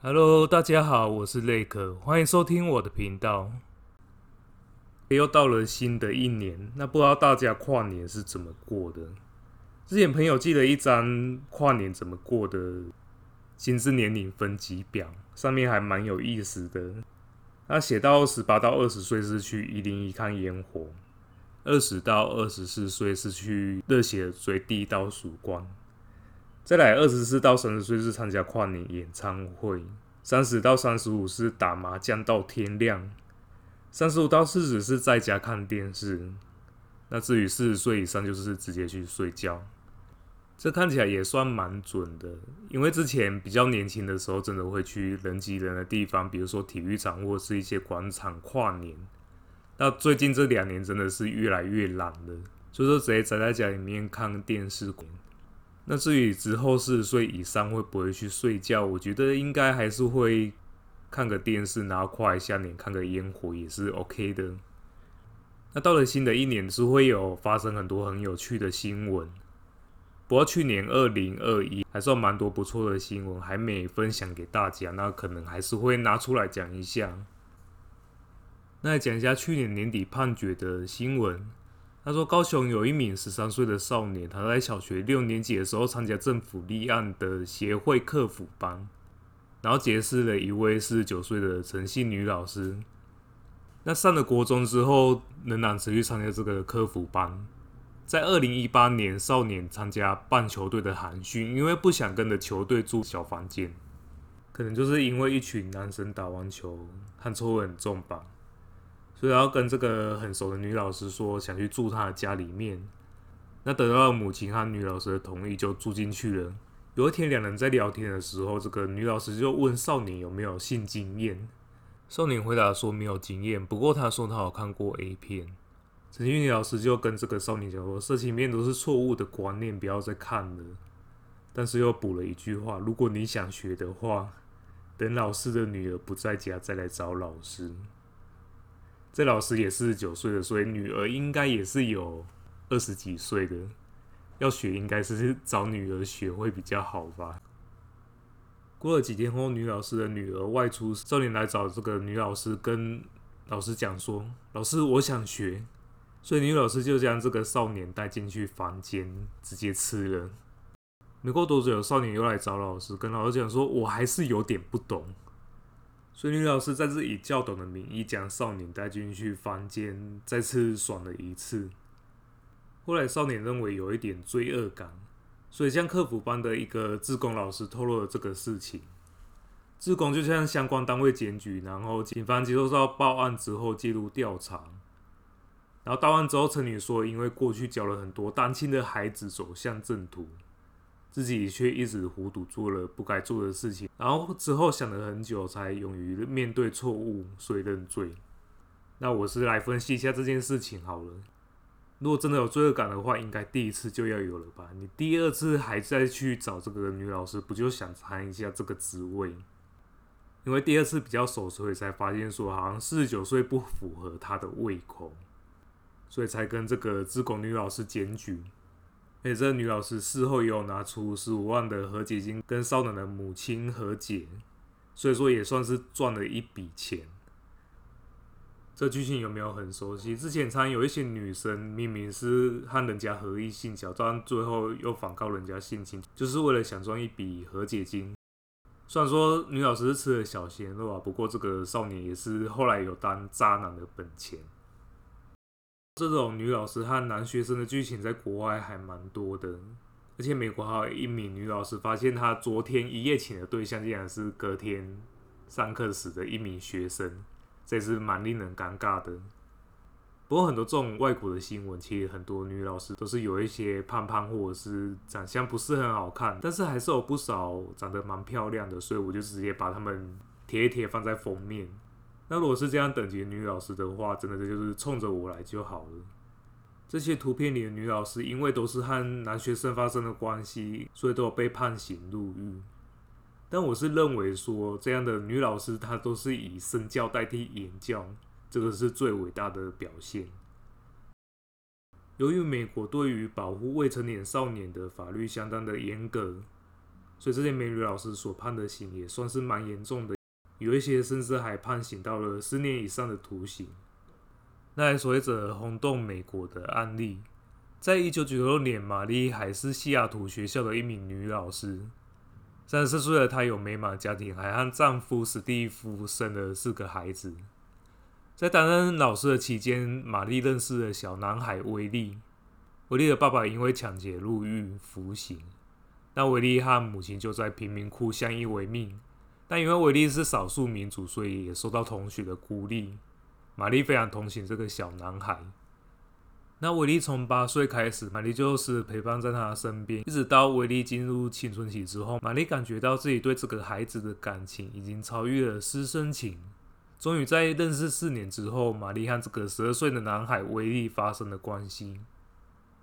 Hello，大家好，我是雷克，歡迎收聽我的頻道。又到了新的一年，那不知道大家跨年是怎麼過的？之前朋友寄了一張跨年怎麼過的心智年齡分級表，上面還蠻有意思的。那寫到十八到二十歲是去一零一看煙火，二十到二十四歲是去熱血追第一道曙光。再來，二十四到三十歲是參加跨年演唱會；三十到三十五是打麻將到天亮；三十五到四十是在家看電視。那至於四十歲以上，就是直接去睡覺。這看起來也算蠻準的，因為之前比較年輕的時候，真的會去人擠人的地方，比如說體育場或是一些廣場跨年。那最近這兩年真的是越來越懶了，所以說直接宅在家裡面看電視。那至於之後四十歲以上會不會去睡覺，我覺得應該還是會看個電視，然後跨一下年，看個烟火也是 OK 的。那到了新的一年，是會有發生很多很有趣的新聞。不過去年二零二一還算蠻多不錯的新聞，還沒分享給大家，那可能還是會拿出來講一下。那講一下去年年底判決的新聞。他說，高雄有一名十三歲的少年，他在小學六年級的時候參加政府立案的協會客服班，然後結識了一位四十九歲的陳姓女老師。那上了國中之後，仍然持續參加這個客服班。在二零一八年，少年參加棒球隊的寒訓，因為不想跟着球隊住小房間，可能就是因為一群男生打完球汗臭味很重吧。所以要跟這個很熟的女老師說想去住她的家裡面，那得到了母親和女老師的同意就住進去了。有一天兩人在聊天的時候，這個女老師就問少年有沒有性經驗，少年回答說沒有經驗，不過他說他有看過 A 片。曾經女老師就跟這個少年講說色情片都是錯誤的觀念，不要再看了。但是又補了一句話：如果你想學的話，等老師的女兒不在家再來找老師。這老師也是四十九歲的，所以女兒應該也是有二十幾歲的。要學應該是找女兒學會比較好吧。過了幾天後，女老師的女兒外出，少年來找這個女老師，跟老師講說：“老師，我想學。”所以女老師就將這個少年帶進去房間，直接吃了。沒過多久，少年又來找老師，跟老師講說：“我還是有點不懂。”所以女老師再次以教導的名義將少年帶進去房間，再次爽了一次。後來少年認為有一點罪惡感，所以向客服班的一個志工老師透露了這個事情。志工就向相關單位檢舉，然後警方接收到報案之後介入調查。然後到案之後，陳女說，因為過去教了很多單親的孩子走向正途。自己卻一直糊塗，做了不該做的事情，然後之後想了很久，才勇於面對錯誤，所以認罪。那我是來分析一下這件事情好了。如果真的有罪惡感的話，應該第一次就要有了吧？你第二次還在去找這個女老師，不就想嘗一下這個滋味？因為第二次比較熟，所以才發現說好像四十九歲不符合她的胃口，所以才跟這個自貢女老師檢舉。而且、欸、這個、女老師事後也有拿出十五萬的和解金跟少年的母親和解，所以說也算是賺了一筆錢。這劇情有沒有很熟悉？之前常有一些女生明明是和人家合意性交，但最後又反告人家性侵，就是為了想賺一筆和解金。雖然說女老師是吃了小鮮肉啊，不過這個少年也是後來有當渣男的本錢。這種女老師和男學生的劇情在國外還蠻多的，而且美國還有一名女老師發現她昨天一夜情的對象竟然是隔天上課時的一名學生，這也是蠻令人尷尬的。不過很多這種外國的新聞，其實很多女老師都是有一些胖胖或者是長相不是很好看，但是還是有不少長得蠻漂亮的，所以我就直接把他們貼一貼放在封面。那如果是這樣等級的女老師的話，真的就是衝着我來就好了。這些圖片裡的女老師，因為都是和男學生發生了關係，所以都有被判刑入獄。但我是認為說，這樣的女老師她都是以身教代替言教，這個是最偉大的表現。由於美國對於保護未成年少年的法律相當的嚴格，所以這些美女老師所判的刑也算是蠻嚴重的。有一些甚至還判刑到了十年以上的徒刑。那隨着轟動美國的案例，在一九九六年，瑪麗還是西雅圖學校的一名女老師。三十四歲的她有美滿家庭，還和丈夫史蒂夫生了四個孩子。在擔任老師的期間，瑪麗認識了小男孩威利。威利的爸爸因為搶劫入獄服刑，那威利和母親就在貧民窟相依為命。但因為維利是少數民族，所以也受到同學的孤立。瑪麗非常同情這個小男孩。那維利從八歲開始，瑪麗就是陪伴在他身邊，一直到維利進入青春期之後，瑪麗感覺到自己對這個孩子的感情已經超越了師生情。終於在認識四年之後，瑪麗和這個十二歲的男孩維利發生了關係。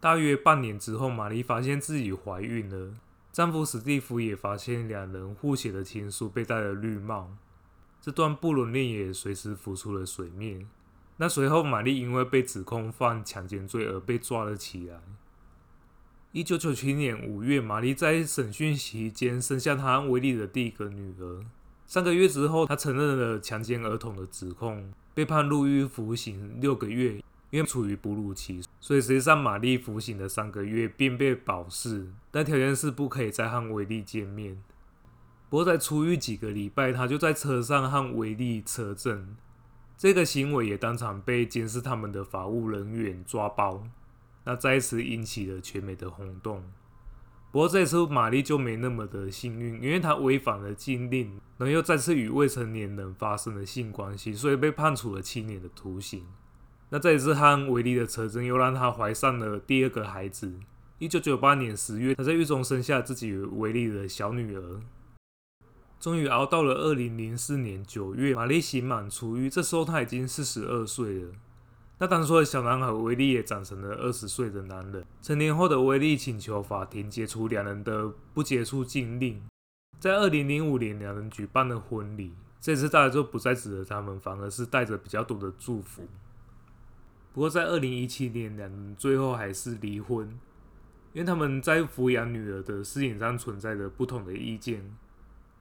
大約半年之後，瑪麗發現自己懷孕了。丈夫史蒂夫也發現兩人互寫的情書，被戴了綠帽，這段不倫戀也隨之浮出了水面。那隨後，瑪麗因為被指控犯強姦罪而被抓了起來。一九九七年五月，瑪麗在審訊期間生下她和維利的第一個女兒。三個月之後，她承認了強姦兒童的指控，被判入獄服刑六個月。因為處於哺乳期，所以實際上瑪麗服刑了三個月便被保釋，但條件是不可以再和威利見面。不過在出獄幾個禮拜，他就在車上和威利車震，這個行為也當場被監視他們的法務人員抓包，那再次引起了全美的轟動。不過這次瑪麗就沒那麼的幸運，因為她違反了禁令，然後又再次與未成年人發生了性關係，所以被判處了七年的徒刑。那這一次和威力的車震，又讓他懷上了第二個孩子。一九九八年十月，他在獄中生下了自己威力的小女兒。終於熬到了二零零四年九月，瑪麗刑滿出獄，這時候他已經四十二歲了。那當初的小男孩威力也長成了二十歲的男人。成年後的威力請求法庭解除兩人的不接觸禁令。在二零零五年，兩人舉辦了婚禮。這次大家就不再指責他們，反而是帶着比較多的祝福。不過，在二零一七年，兩人最後還是離婚，因為他們在撫養女兒的事情上存在着不同的意見。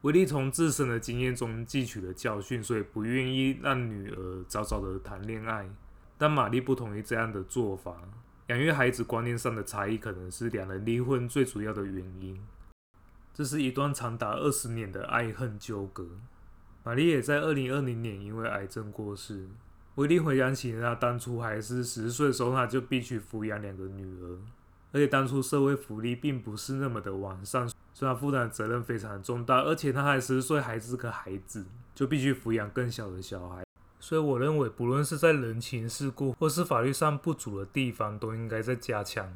威利從自身的經驗中汲取了教訓，所以不願意讓女兒早早的談戀愛。但瑪麗不同意這樣的做法，養育孩子觀念上的差異可能是兩人離婚最主要的原因。這是一段長達二十年的愛恨糾葛。瑪麗也在二零二零年因為癌症過世。我一定回想起他，他當初還是十歲的時候，他就必須撫養兩個女兒，而且當初社會福利並不是那麼的完善，所以他負擔的責任非常重大，而且他還十歲還是個孩子，就必須撫養更小的小孩，所以我認為，不論是在人情世故或是法律上不足的地方，都應該再加強。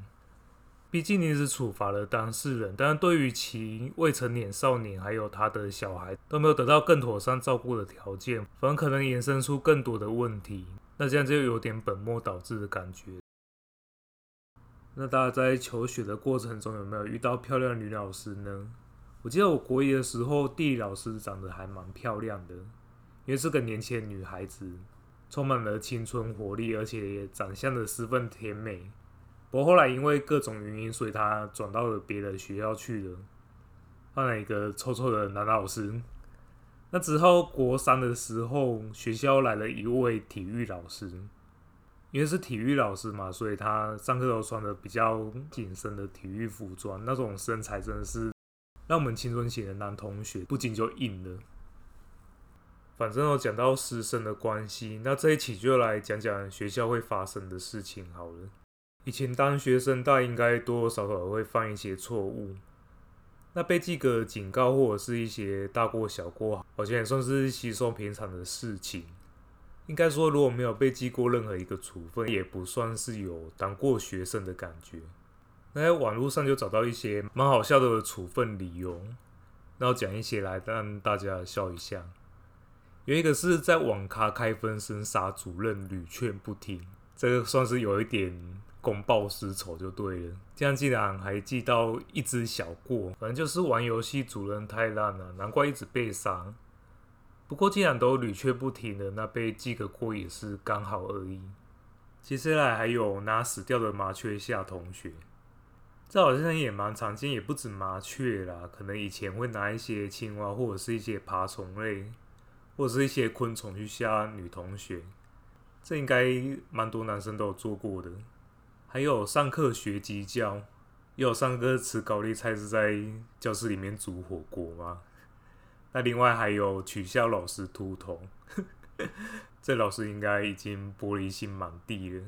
畢竟你只是處罰了當事人，但是對於其未成年少年，還有他的小孩，都沒有得到更妥善照顧的條件，反而可能衍生出更多的問題。那這樣就有點本末倒置的感覺。那大家在求學的過程中有沒有遇到漂亮的女老師呢？我記得我國一的時候，地理老師長得還蠻漂亮的，因為是個年輕女孩子，充滿了青春活力，而且也長相的十分甜美。不過後來因為各種原因，所以他轉到了別的學校去了，換了一個臭臭的男老師。那之後，國三的時候，學校來了一位體育老師，因為是體育老師嘛，所以他上課都穿的比較緊身的體育服裝，那種身材真的是讓我們青春期的男同學不禁就硬了。反正喔，講到師生的關係，那這一期就來講講學校會發生的事情好了。以前當學生，大應該多多少少也會犯一些錯誤，那被記個警告或者是一些大過小過，好像也算是稀鬆平常的事情。應該說，如果沒有被記過任何一個處分，也不算是有當過學生的感覺。那在網絡上就找到一些蠻好笑的處分理由，然後講一些來讓大家笑一下。有一個是在網咖開分身殺主任，屢勸不聽，這個算是有一點。公報私仇就對了，這樣竟然還記到一只小過，反正就是玩遊戲主人太爛了，難怪一直被殺。不過既然都屢勸不聽了，那被記個過也是剛好而已。接下來還有拿死掉的麻雀嚇同學，這好像也蠻常見，也不止麻雀啦，可能以前會拿一些青蛙或者是一些爬蟲類，或者是一些昆蟲去嚇女同學，這應該蠻多男生都有做過的。還有上課學雞叫，又有上課吃高麗菜，是在教室裡面煮火鍋嗎？那 另外還有取笑老師禿頭呵呵，這老師應該已經玻璃心滿地了。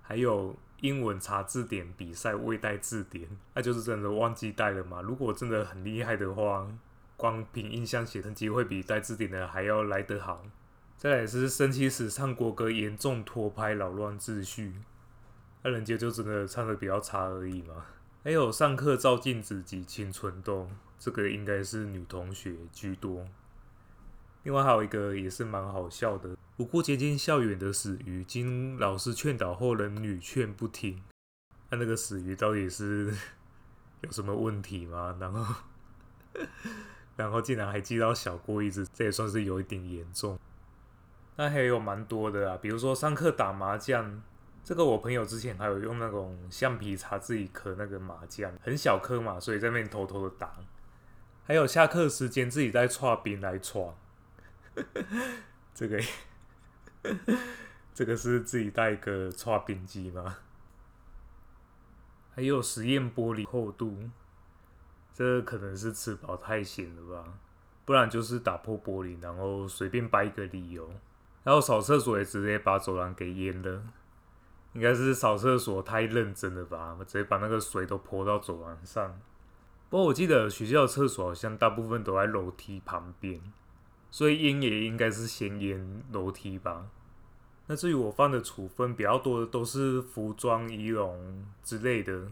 還有英文查字典比賽未帶字典，那、啊、就是真的忘記帶了嘛？如果真的很厲害的話，光憑印象寫成績會比帶字典的還要來得好。再來是升旗時唱國歌嚴重拖拍，擾亂秩序。那、啊、人家就真的唱的比較差而已嘛。還有上課照鏡子擠青春痘，這個應該是女同學居多。另外還有一個也是蠻好笑的，不過接近校園的死魚，經老師勸導後仍屢勸不聽。那、啊、那個死魚到底是有什麼問題嗎？然後， 然後竟然還記到小過一支，這也算是有一點嚴重。那還有蠻多的啊，比如說上課打麻將。這個我朋友之前還有用那種橡皮擦自己磕那個麻將，很小磕嘛，所以在那邊偷偷的打。還有下課時間自己帶擦冰來擦。 這個 這個是自己帶個擦冰機嗎？還有實驗玻璃厚度，這可能是吃飽太閒了吧，不然就是打破玻璃然後隨便掰一個理由。然後掃廁所也直接把走廊給淹了。應該是掃廁所太認真了吧，直接把那個水都潑到走廊上。不過我記得學校的廁所好像大部分都在樓梯旁邊，所以淹也應該是先淹樓梯吧。那至於我犯的處分比較多的都是服裝儀容之類的。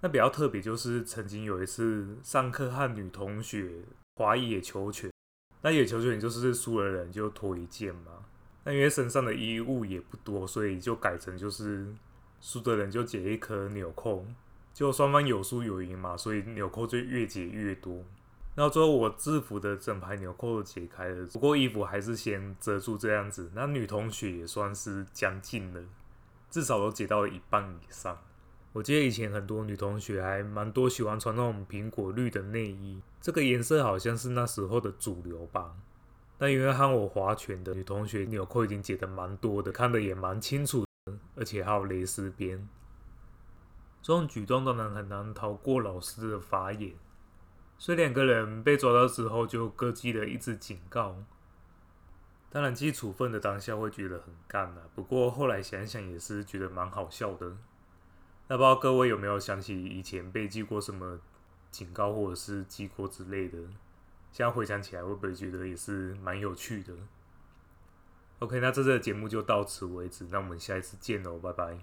那比較特別就是曾經有一次上課和女同學劃野球拳，那野球拳就是輸的人就脫一件嘛。那因為身上的衣物也不多，所以就改成就是輸的人就解一顆紐扣，就雙方有輸有贏嘛，所以紐扣就越解越多。然後最後我制服的整排紐扣都解開了，不過衣服還是先遮住這樣子。那女同學也算是將近了，至少都解到了一半以上。我記得以前很多女同學還蠻多喜歡穿那種蘋果綠的內衣，這個顏色好像是那時候的主流吧。那因為和我划拳的女同學紐扣已經解得蠻多的，看得也蠻清楚的，而且還有蕾絲邊，這種舉動當然很難逃過老師的法眼，所以兩個人被抓到之後就各記了一支警告。當然記處分的當下會覺得很幹啊，不過後來想想也是覺得蠻好笑的。那不知道各位有沒有想起以前被記過什麼警告或者是記過之類的？現在回想起來，會不會覺得也是蠻有趣的？OK，那這次的節目就到此為止，那我們下一次見嘍，拜拜。